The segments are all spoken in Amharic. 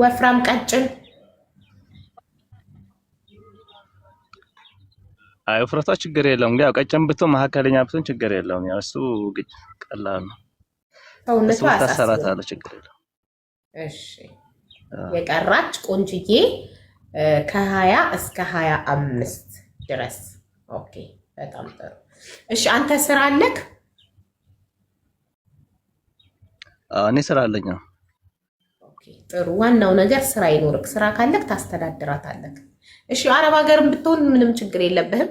ወፍራም ቀጭን? አይ ውፍረቷ ችግር የለውም። ያው ቀጭን ብትሆን መካከለኛ ብትሆን ችግር የለውም። ያው እሱ ቀላል ነው። ሰውነቷ ታሰራታለህ፣ ችግር የለውም። እሺ የቀራች ቆንጅዬ ከሀያ እስከ ሀያ አምስት ድረስ ኦኬ። በጣም ጥሩ። እሺ አንተ ስራ አለክ? እኔ ስራ አለኝ ነው ጥሩ ዋናው ነገር ስራ ይኖርክ። ስራ ካለክ ታስተዳድራታለክ። እሺ አረብ ሀገርም ብትሆን ምንም ችግር የለብህም።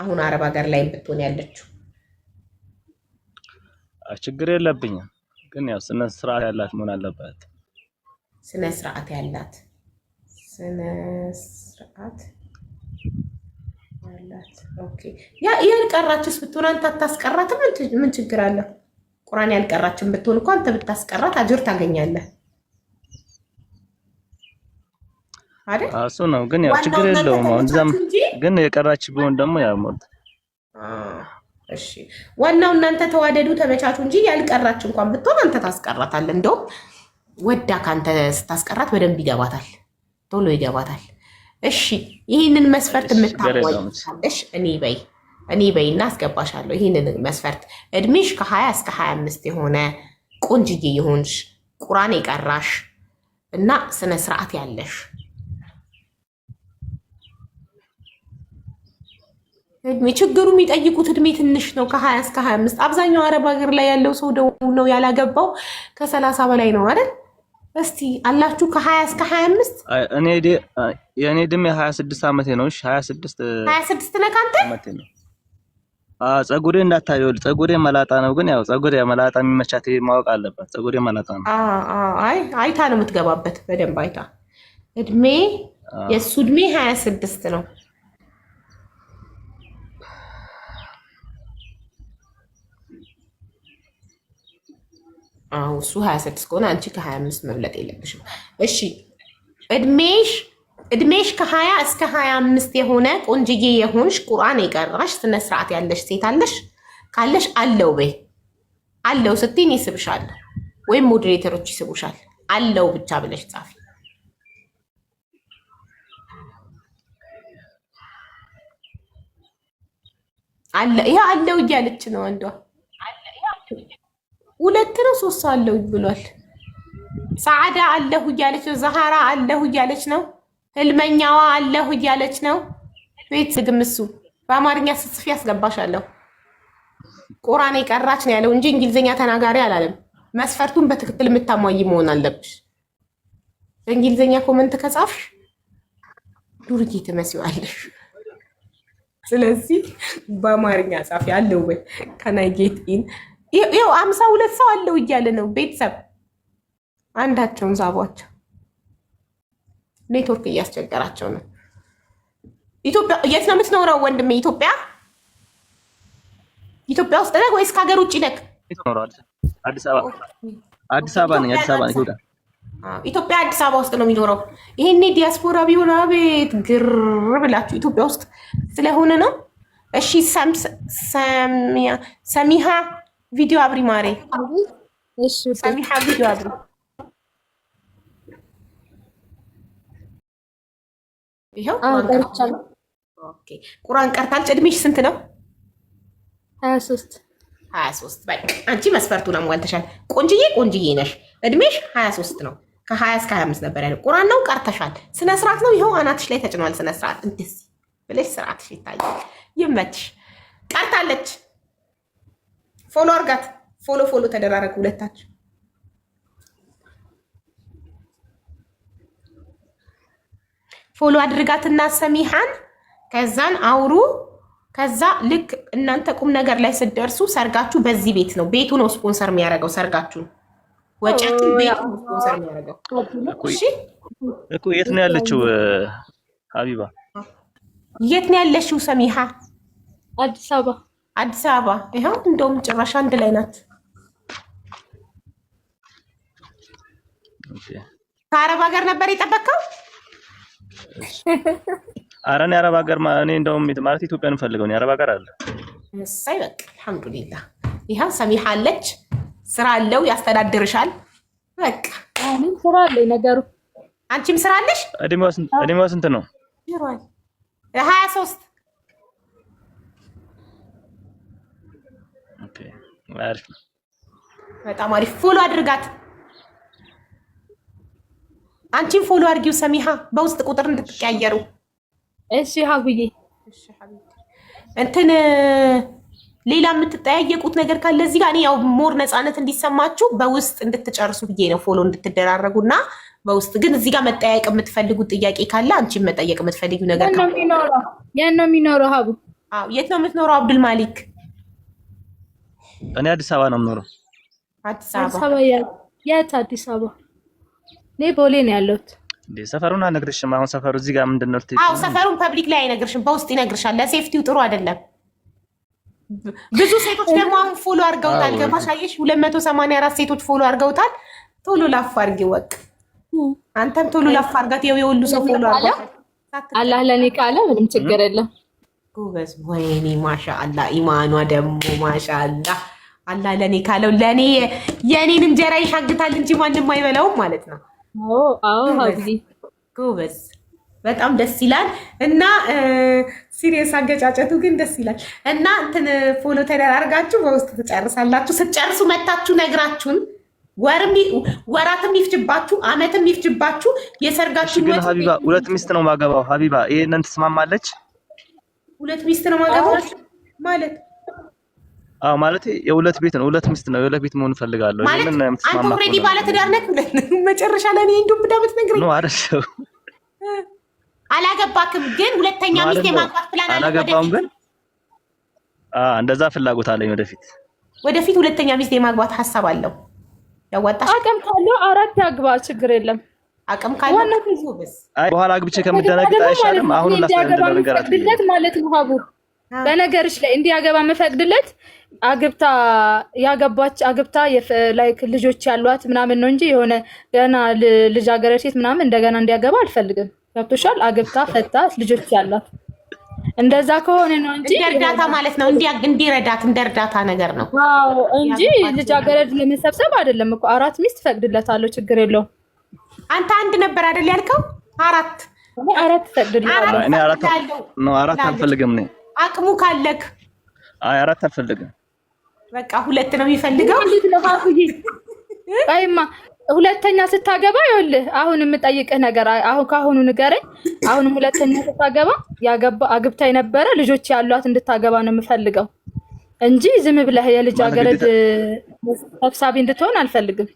አሁን አረብ ሀገር ላይ ብትሆን ያለችው ችግር የለብኝም፣ ግን ያው ስነ ስርዓት ያላት መሆን አለበት። ስነ ስርዓት ያላት ስነ ስርዓት ያላት ኦኬ። ያ ይሄን ቀራችስ ብትሆን አንተ አታስቀራትም? ምን ችግር አለው? ቁርአን ያልቀራችን ብትሆን እኮ አንተ ብታስቀራት አጅር ታገኛለህ አይደል? እሱ ነው። ግን ያው ችግር የለውም። እንደዛም ግን የቀራች ቢሆን ደግሞ ያው ሞት እሺ፣ ዋናው እናንተ ተዋደዱ ተመቻቹ እንጂ ያልቀራች እንኳን ብትሆን አንተ ታስቀራታለህ። እንደውም ወዳ ካንተ ስታስቀራት በደንብ ይገባታል፣ ቶሎ ይገባታል። እሺ፣ ይህንን መስፈርት የምታሟይ እሺ፣ እኔ በይ እኔ በይና አስገባሻለሁ። ይህንን መስፈርት እድሜሽ ከ 2 እስከ 25 የሆነ ቆንጅዬ የሆንሽ ቁራን የቀራሽ እና ስነ ስርዓት ያለሽ እድሜ ችግሩ የሚጠይቁት እድሜ ትንሽ ነው፣ ከ20 እስከ 25 አብዛኛው አረብ ሀገር ላይ ያለው ሰው ደው ነው ያላገባው ከ30 በላይ ነው አይደል? እስቲ አላችሁ ከ20 እስከ 25 የእኔ እድሜ 26 ዓመቴ ነው። 26 26 ነካንተ ዓመቴ ነው ፀጉሬ እንዳታየው ፀጉሬ መላጣ ነው። ግን ያው ፀጉሬ መላጣ የሚመቻት ማወቅ አለባት። ፀጉሬ መላጣ ነው። አይ አይታ ነው የምትገባበት በደንብ አይታ። እድሜ የእሱ እድሜ ሀያ ስድስት ነው። አዎ እሱ ሀያ ስድስት ከሆነ አንቺ ከሀያ አምስት መብለጥ የለብሽም። እሺ እድሜሽ እድሜሽ ከሀያ እስከ ሀያ አምስት የሆነ ቆንጅዬ የሆንሽ ቁርአን የቀራሽ ስነ ስርዓት ያለሽ ሴት አለሽ ካለሽ አለው በይ አለው ስትይን ይስብሻል፣ ወይም ሞዴሬተሮች ይስቡሻል። አለው ብቻ ብለሽ ጻፊ። ይሄ አለው እያለች ነው አንዷ። ሁለት ነው ሶስት አለው ብሏል። ሰዓዳ አለሁ እያለች ነው። ዘሃራ አለሁ እያለች ነው። ህልመኛዋ አለሁ እያለች ነው። ቤት ግምሱ በአማርኛ ስጽፊ ያስገባሻለሁ። ቁራን የቀራች ነው ያለው እንጂ እንግሊዝኛ ተናጋሪ አላለም። መስፈርቱን በትክክል የምታሟይ መሆን አለብሽ። በእንግሊዝኛ ኮመንት ከጻፍሽ ዱርጌ ትመስዋለሽ። ስለዚህ በአማርኛ ጻፊ አለው ወይ ከናይጌት ኢን ይው አምሳ ሁለት ሰው አለው እያለ ነው። ቤተሰብ አንዳቸውን ዛቧቸው። ኔትወርክ እያስቸገራቸው ነው። ኢትዮጵያ የት ነው የምትኖረው ወንድሜ? ኢትዮጵያ ኢትዮጵያ ውስጥ ነህ ወይስ ከሀገር ውጭ ነህ? አዲስ አበባ ነኝ። አዲስ አበባ ነኝ። ኢትዮጵያ አዲስ አበባ ውስጥ ነው የሚኖረው። ይሄኔ ዲያስፖራ ቢሆን አቤት ግር ብላችሁ ኢትዮጵያ ውስጥ ስለሆነ ነው። እሺ ሰሚሃ ቪዲዮ አብሪ ማሬ፣ ሰሚሃ ቪዲዮ አብሪ ይኸው ቁራን ቀርታለች። እድሜሽ ስንት ነው? ሀያ ሶስት ሀያ ሶስት በቃ አንቺ መስፈርቱን አሟልተሻል። ቆንጅዬ ቆንጅዬ ነሽ። እድሜሽ ሀያ ሶስት ነው። ከሀያ እስከ ሀያ አምስት ነበር ያለው። ቁራን ነው ቀርተሻል። ስነ ስርዓት ነው። ይኸው አናትሽ ላይ ተጭኗል። ስነ ስርዓት እንደዚህ ብለሽ ስርዓትሽ ይታያል። ይመችሽ። ቀርታለች። ፎሎ አርጋት። ፎሎ ፎሎ ተደራረግ ሁለታችሁ ፎሎ አድርጋትና ሰሚሃን ከዛን አውሩ። ከዛ ልክ እናንተ ቁም ነገር ላይ ስደርሱ ሰርጋችሁ በዚህ ቤት ነው። ቤቱ ነው ስፖንሰር የሚያደርገው ሰርጋችሁ። ወጪያችን ቤቱ ነው ስፖንሰር የሚያደርገው። እኮ የት ነው ያለችው ሀቢባ? የት ነው ያለችው ሰሚሃ? አዲስ አበባ። አዲስ አበባ። ይኸው እንደውም ጭራሽ አንድ ላይ ናት። ከአረብ ሀገር ነበር የጠበቀው ኧረ እኔ አረብ ሀገር እኔ እንደውም ማለት ኢትዮጵያን ፈልገው አረብ ሀገር አለ መሳይ በቃ አልሐምዱሊላ። ይኸው ሰሚሃ አለች፣ ስራ አለው፣ ያስተዳድርሻል። በቃ እኔም ስራ አለኝ ነገሩ። አንቺም ስራ አለሽ። እድሜዋ ስንት ነው? ሀያ ሶስት በጣም አሪፍ ፎሎ አድርጋት። አንቺን ፎሎ አድርጊው ሰሚሃ፣ በውስጥ ቁጥር እንድትቀያየሩ እሺ። ሀጉዬ እንትን ሌላ የምትጠያየቁት ነገር ካለ እዚህ ጋር እኔ ያው ሞር ነፃነት እንዲሰማችሁ በውስጥ እንድትጨርሱ ብዬ ነው ፎሎ እንድትደራረጉ እና በውስጥ ግን እዚህ ጋር መጠያየቅ የምትፈልጉት ጥያቄ ካለ አንቺን መጠየቅ የምትፈልጊው ነገር ያን ነው የሚኖረው። ሀቡ የት ነው የምትኖረው? አብዱል ማሊክ እኔ አዲስ አበባ ነው የምኖረው። አዲስ አበባ የት? አዲስ አበባ እኔ ቦሌ ነው ያለሁት። ሰፈሩን አነግርሽም። አሁን ሰፈሩ እዚህ ጋር ምንድን ነው? አዎ ሰፈሩን ፐብሊክ ላይ አይነግርሽም፣ በውስጥ ይነግርሻል። ለሴፍቲው ጥሩ አይደለም። ብዙ ሴቶች ደግሞ አሁን ፎሎ አድርገውታል። ገባሽ? አየሽ፣ ሁለት መቶ ሰማንያ አራት ሴቶች ፎሎ አድርገውታል። ቶሎ ላፍ አድርጊ ወቅ አንተም ቶሎ ላፍ አድርጋት። ይኸው የሁሉ ሰው ፎሎ አድርገውታል። አላህ ለእኔ ካለ ምንም ችግር የለም። ጎበዝ ወይኔ፣ ማሻ ማሻአላ ኢማኗ ደግሞ ማሻአላ። አላህ ለእኔ ካለው ለእኔ የእኔን ጀራ ይሻግታል እንጂ ማንም አይበላውም ማለት ነው። ጎበዝ በጣም ደስ ይላል። እና ሲሪየስ አገጫጨቱ ግን ደስ ይላል። እና እንትን ፎሎ ተደራርጋችሁ በውስጥ ትጨርሳላችሁ። ስትጨርሱ መታችሁ ነግራችሁን። ወራት የሚፍጅባችሁ አመት የሚፍጅባችሁ የሰርጋችሁ። ሀቢባ ሁለት ሚስት ነው ማገባው። ሀቢባ ይህንን ትስማማለች? ሁለት ሚስት ነው ማገባው ማለት አዎ ማለት የሁለት ቤት ነው፣ ሁለት ሚስት ነው። የሁለት ቤት መሆን እፈልጋለሁ። ምን አንተ ኦልሬዲ ባለ ትዳር ነህ። መጨረሻ ላይ እኔ እንደውም ብዳምት ነው አይደል? አላገባክም፣ ግን ሁለተኛ ሚስት የማግባት ፕላን አለ። አላገባም፣ ግን አዎ እንደዛ ፍላጎት አለኝ። ወደፊት ወደፊት ሁለተኛ ሚስት የማግባት ሀሳብ አለው። ያዋጣ አቅም ካለው አራት ያግባ፣ ችግር የለም። አቅም ካለው ዋናው ከዚህ በኋላ አግብቼ ከምደነግጥ አይሻልም? አሁን ላስተዳደር ነገር አትልኝ ማለት ነው ሀቡ በነገርሽ ላይ እንዲያገባ መፈቅድለት አግብታ ያገባች አግብታ ላይክ ልጆች ያሏት ምናምን ነው እንጂ የሆነ ገና ልጃገረድ ሴት ምናምን እንደገና እንዲያገባ አልፈልግም። ገብቶሻል? አግብታ ፈታ ልጆች ያሏት እንደዛ ከሆነ ነው እንጂ እርዳታ ማለት ነው እንዲረዳት እንደ እርዳታ ነገር ነው አዎ እንጂ ልጃገረድ ለመሰብሰብ አይደለም እኮ። አራት ሚስት ፈቅድለታለሁ፣ ችግር የለውም። አንተ አንድ ነበር አይደል ያልከው? አራት አራት ፈቅድለታለሁ። አራት አልፈልግም እኔ አቅሙ ካለክ አይ አራት አልፈልግም። በቃ ሁለት ነው የሚፈልገው። ቆይማ ሁለተኛ ስታገባ ይኸውልህ፣ አሁን የምጠይቅህ ነገር አሁን ከአሁኑ ንገረኝ። አሁንም ሁለተኛ ስታገባ ያገባ አግብታ የነበረ ልጆች ያሏት እንድታገባ ነው የምፈልገው እንጂ ዝም ብለህ የልጃገረድ ሰብሳቢ እንድትሆን አልፈልግም።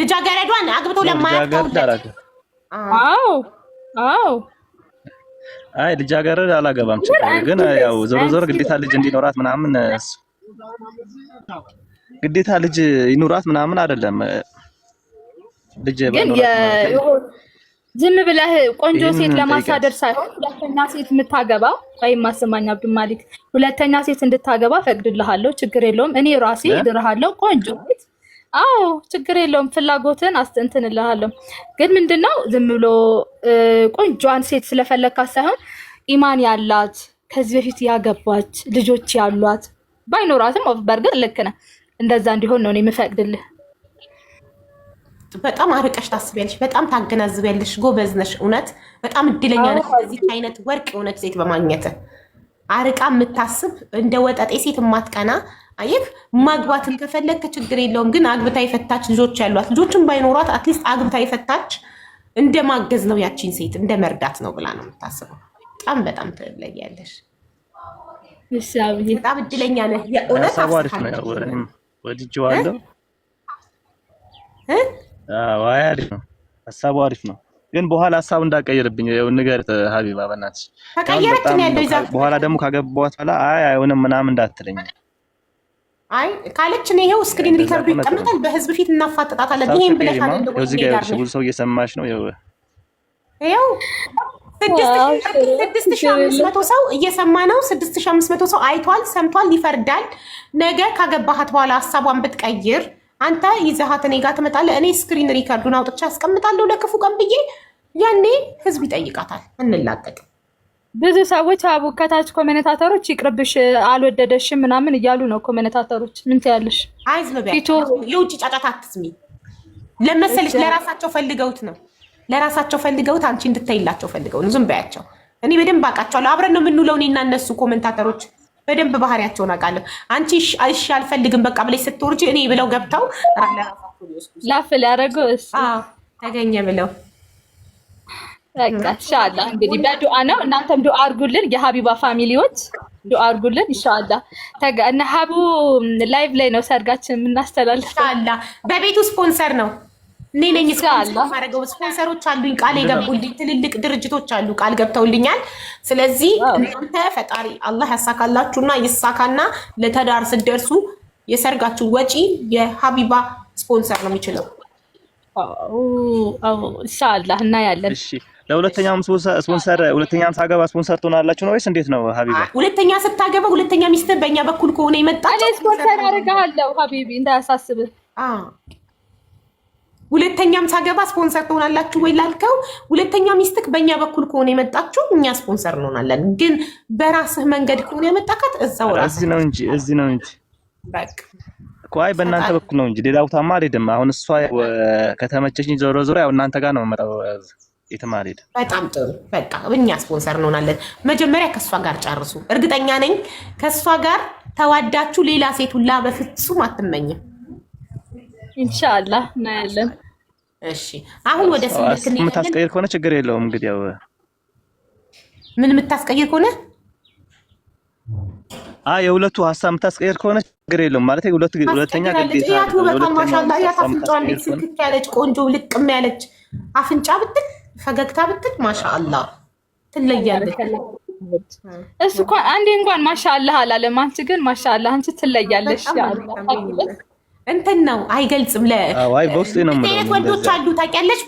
ልጃገረዷን አግብቶ ለማያውቅ አዎ፣ አዎ አይ ልጃገረድ አላገባም ችግር ግን ያው ዞሮ ዞሮ ግዴታ ልጅ እንዲኖራት ምናምን ግዴታ ልጅ ይኑራት ምናምን አይደለም። ልጅ ዝም ብለህ ቆንጆ ሴት ለማሳደር ሳይሆን ሁለተኛ ሴት የምታገባ ወይም ማሰማኝ አብዱል ማሊክ ሁለተኛ ሴት እንድታገባ ፈቅድልሃለሁ፣ ችግር የለውም። እኔ ራሴ ድርሃለሁ ቆንጆ ሴት አዎ ችግር የለውም። ፍላጎትን አስተንትንልሃለሁ። ግን ምንድነው ዝም ብሎ ቆንጆን ሴት ስለፈለግካት ሳይሆን ኢማን ያላት ከዚህ በፊት ያገባች ልጆች ያሏት ባይኖራትም፣ በእርግጥ ልክ ነህ። እንደዛ እንዲሆን ነው የምፈቅድልህ። በጣም አርቀሽ ታስቢያለሽ፣ በጣም ታገናዝቢያለሽ። ጎበዝ ነሽ። እውነት በጣም እድለኛ ነሽ፣ በዚህ አይነት ወርቅ የሆነች ሴት በማግኘት አርቃ የምታስብ እንደ ወጠጤ ሴት የማትቀና አየህ ማግባትን ከፈለግክ ችግር የለውም። ግን አግብታ የፈታች ልጆች ያሏት ልጆችን ባይኖሯት አትሊስት አግብታ የፈታች እንደ ማገዝ ነው ያቺን ሴት እንደ መርዳት ነው ብላ ነው የምታስበው። በጣም በጣም ትለያለሽ። በጣም እድለኛ ነህ። የእውነት አሪፍ ነው ሀሳቡ፣ አሪፍ ነው ግን በኋላ ሀሳብ እንዳቀይርብኝ ይኸው ንገር ሀቢባ፣ በእናትሽ በኋላ ደግሞ ካገባኋት በኋላ አይ አይሆንም ምናምን እንዳትለኝ አይ ነው ይሄው እስክሪን ሪከርዱ ይቀመጣል። በህዝብ ፊት እናፋጥጣታለን። ይሄን ብለሽ አይደል? ብዙ ሰው እየሰማሽ ነው። ይኸው ስድስት ሺህ አምስት መቶ ሰው እየሰማ ነው። ስድስት ሺህ አምስት መቶ ሰው አይቷል፣ ሰምቷል፣ ይፈርዳል። ነገ ካገባሃት በኋላ ሀሳቧን ብትቀይር አንተ ይዘሃት እኔ ጋር ትመጣለህ። እኔ ስክሪን ሪከርዱን አውጥቼ አስቀምጣለሁ ለክፉ ቀን ብዬ። ያኔ ህዝብ ይጠይቃታል። እንላቀቅ ብዙ ሰዎች አቡ ከታች ኮሜንታተሮች ይቅርብሽ፣ አልወደደሽም ምናምን እያሉ ነው ኮሜንታተሮች። ምን ትያለሽ? የውጭ ጫጫታ አትስሚ። ለመሰልሽ ለራሳቸው ፈልገውት ነው ለራሳቸው ፈልገውት አንቺ እንድታይላቸው ፈልገው ነው። ዝም በያቸው። እኔ በደንብ አውቃቸዋለሁ። አብረን ነው የምንውለው እኔና እነሱ ኮመንታተሮች። በደንብ ባህሪያቸውን አውቃለሁ። አንቺ እሺ አልፈልግም በቃ ብለሽ ስትወርጂ እኔ ብለው ገብተው ላፍ ሊያደርገው ተገኘ ብለው ኢንሻአላህ እንግዲህ በዱአ ነው። እናንተም ዱአ አድርጉልን፣ የሀቢባ ፋሚሊዎች ዱአ አድርጉልን። ኢንሻአላህ ተጋ እነ ሀቡ ላይቭ ላይ ነው ሰርጋችን የምናስተላልፍ። በቤቱ ስፖንሰር ነው እኔ ነኝ ስፖንሰሮች አሉኝ፣ ቃል የገቡልኝ ትልልቅ ድርጅቶች አሉ፣ ቃል ገብተውልኛል። ስለዚህ እናንተ ፈጣሪ አላህ ያሳካላችሁና ይሳካና ለተዳር ስደርሱ የሰርጋችሁ ወጪ የሀቢባ ስፖንሰር ነው የሚችለው። ለሁለተኛም ስፖንሰር ሁለተኛም ሳገባ ስፖንሰር ትሆናላችሁ ነው ወይስ እንዴት ነው ሀቢቢ? ሁለተኛ ስታገባ ሁለተኛ ሚስት በእኛ በኩል ከሆነ እኔ ስፖንሰር አደርግሃለሁ ሀቢቢ እንዳያሳስብህ። ሁለተኛም ሳገባ ስፖንሰር ትሆናላችሁ ወይ ላልከው፣ ሁለተኛ ሚስትክ በእኛ በኩል ከሆነ የመጣችሁ እኛ ስፖንሰር እንሆናለን። ግን በራስህ መንገድ ከሆነ ያመጣካት እዛው ራስህ ነው እንጂ እዚህ ነው እንጂ በቃ በእናንተ በኩል ነው እንጂ ሌላ ቦታማ አልሄድም። አሁን እሷ ከተመቸሽኝ ዞሮ ዞሮ ያው እናንተ ጋር ነው የምመጣው። የተማሪ በጣም ጥሩ። በቃ እኛ ስፖንሰር እንሆናለን። መጀመሪያ ከእሷ ጋር ጨርሱ። እርግጠኛ ነኝ ከእሷ ጋር ተዋዳችሁ ሌላ ሴት ሁላ በፍጹም አትመኝም። ኢንሻአላ እናያለን። እሺ፣ አሁን ወደ ስምንት የምታስቀይር ከሆነ ችግር የለውም። እንግዲህ ያው ምን የምታስቀይር ከሆነ አይ የሁለቱ ሀሳብ የምታስቀየር ከሆነ ችግር የለውም ማለት ሁለቱ ሁለተኛ ግዴታ ሁለተኛ ማሻአላ ያታፍንጫ እንዴት ስልክት ያለች ቆንጆ ልቅም ያለች አፍንጫ ብትል ፈገግታ ብትል ማሻአላ ትለያለች። እሱ እኮ አንዴ እንኳን ማሻአላ አላለም። አንቺ ግን ማሻአላ አንቺ ትለያለሽ። እንትን ነው አይገልጽም። ለየት ወንዶች አሉ ታውቂያለሽ፣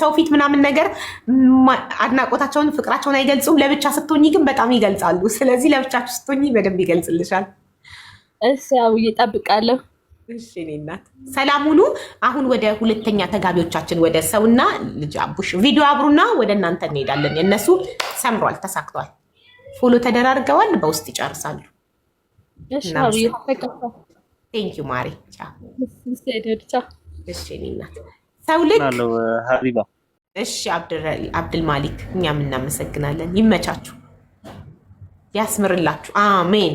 ሰው ፊት ምናምን ነገር አድናቆታቸውን ፍቅራቸውን አይገልጹም። ለብቻ ስቶኝ ግን በጣም ይገልጻሉ። ስለዚህ ለብቻችሁ ስቶኝ በደንብ ይገልጽልሻል። እስ ያው እየጠብቃለሁ ሰላም ሁኑ። አሁን ወደ ሁለተኛ ተጋቢዎቻችን ወደ ሰውና ልጅ አቡሽ ቪዲዮ አብሩና ወደ እናንተ እንሄዳለን። የእነሱ ሰምሯል፣ ተሳክቷል፣ ፎሎ ተደራርገዋል፣ በውስጥ ይጨርሳሉ። ቴንኪ ማሪ ሰው ልክ እሺ፣ አብድል ማሊክ እኛም እናመሰግናለን። ይመቻችሁ፣ ያስምርላችሁ። አሜን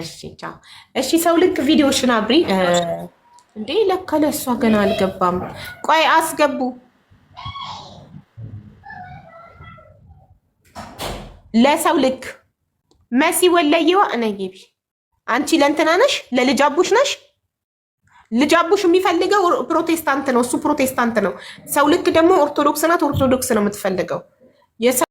እሺ ቻው። እሺ ሰው ልክ ቪዲዮሽን አብሪ። እንዴ ለካ ለእሷ ገና አልገባም። ቆይ አስገቡ። ለሰው ልክ መሲ ወለየዋ እነጌቢ አንቺ ለእንትና ነሽ፣ ለልጃቡሽ ነሽ። ልጃቡሽ የሚፈልገው ፕሮቴስታንት ነው፣ እሱ ፕሮቴስታንት ነው። ሰው ልክ ደግሞ ኦርቶዶክስ ናት፣ ኦርቶዶክስ ነው የምትፈልገው።